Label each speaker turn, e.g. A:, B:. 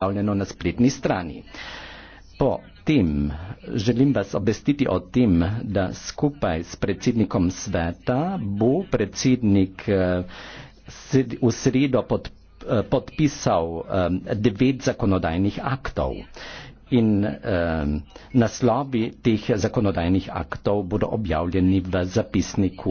A: objavljeno na spletni strani. Po tem želim vas obvestiti o tem, da skupaj s predsednikom sveta bo predsednik eh, v sredo pod, eh, podpisal eh, devet zakonodajnih aktov. In eh, naslovi teh zakonodajnih
B: aktov bodo objavljeni v zapisniku.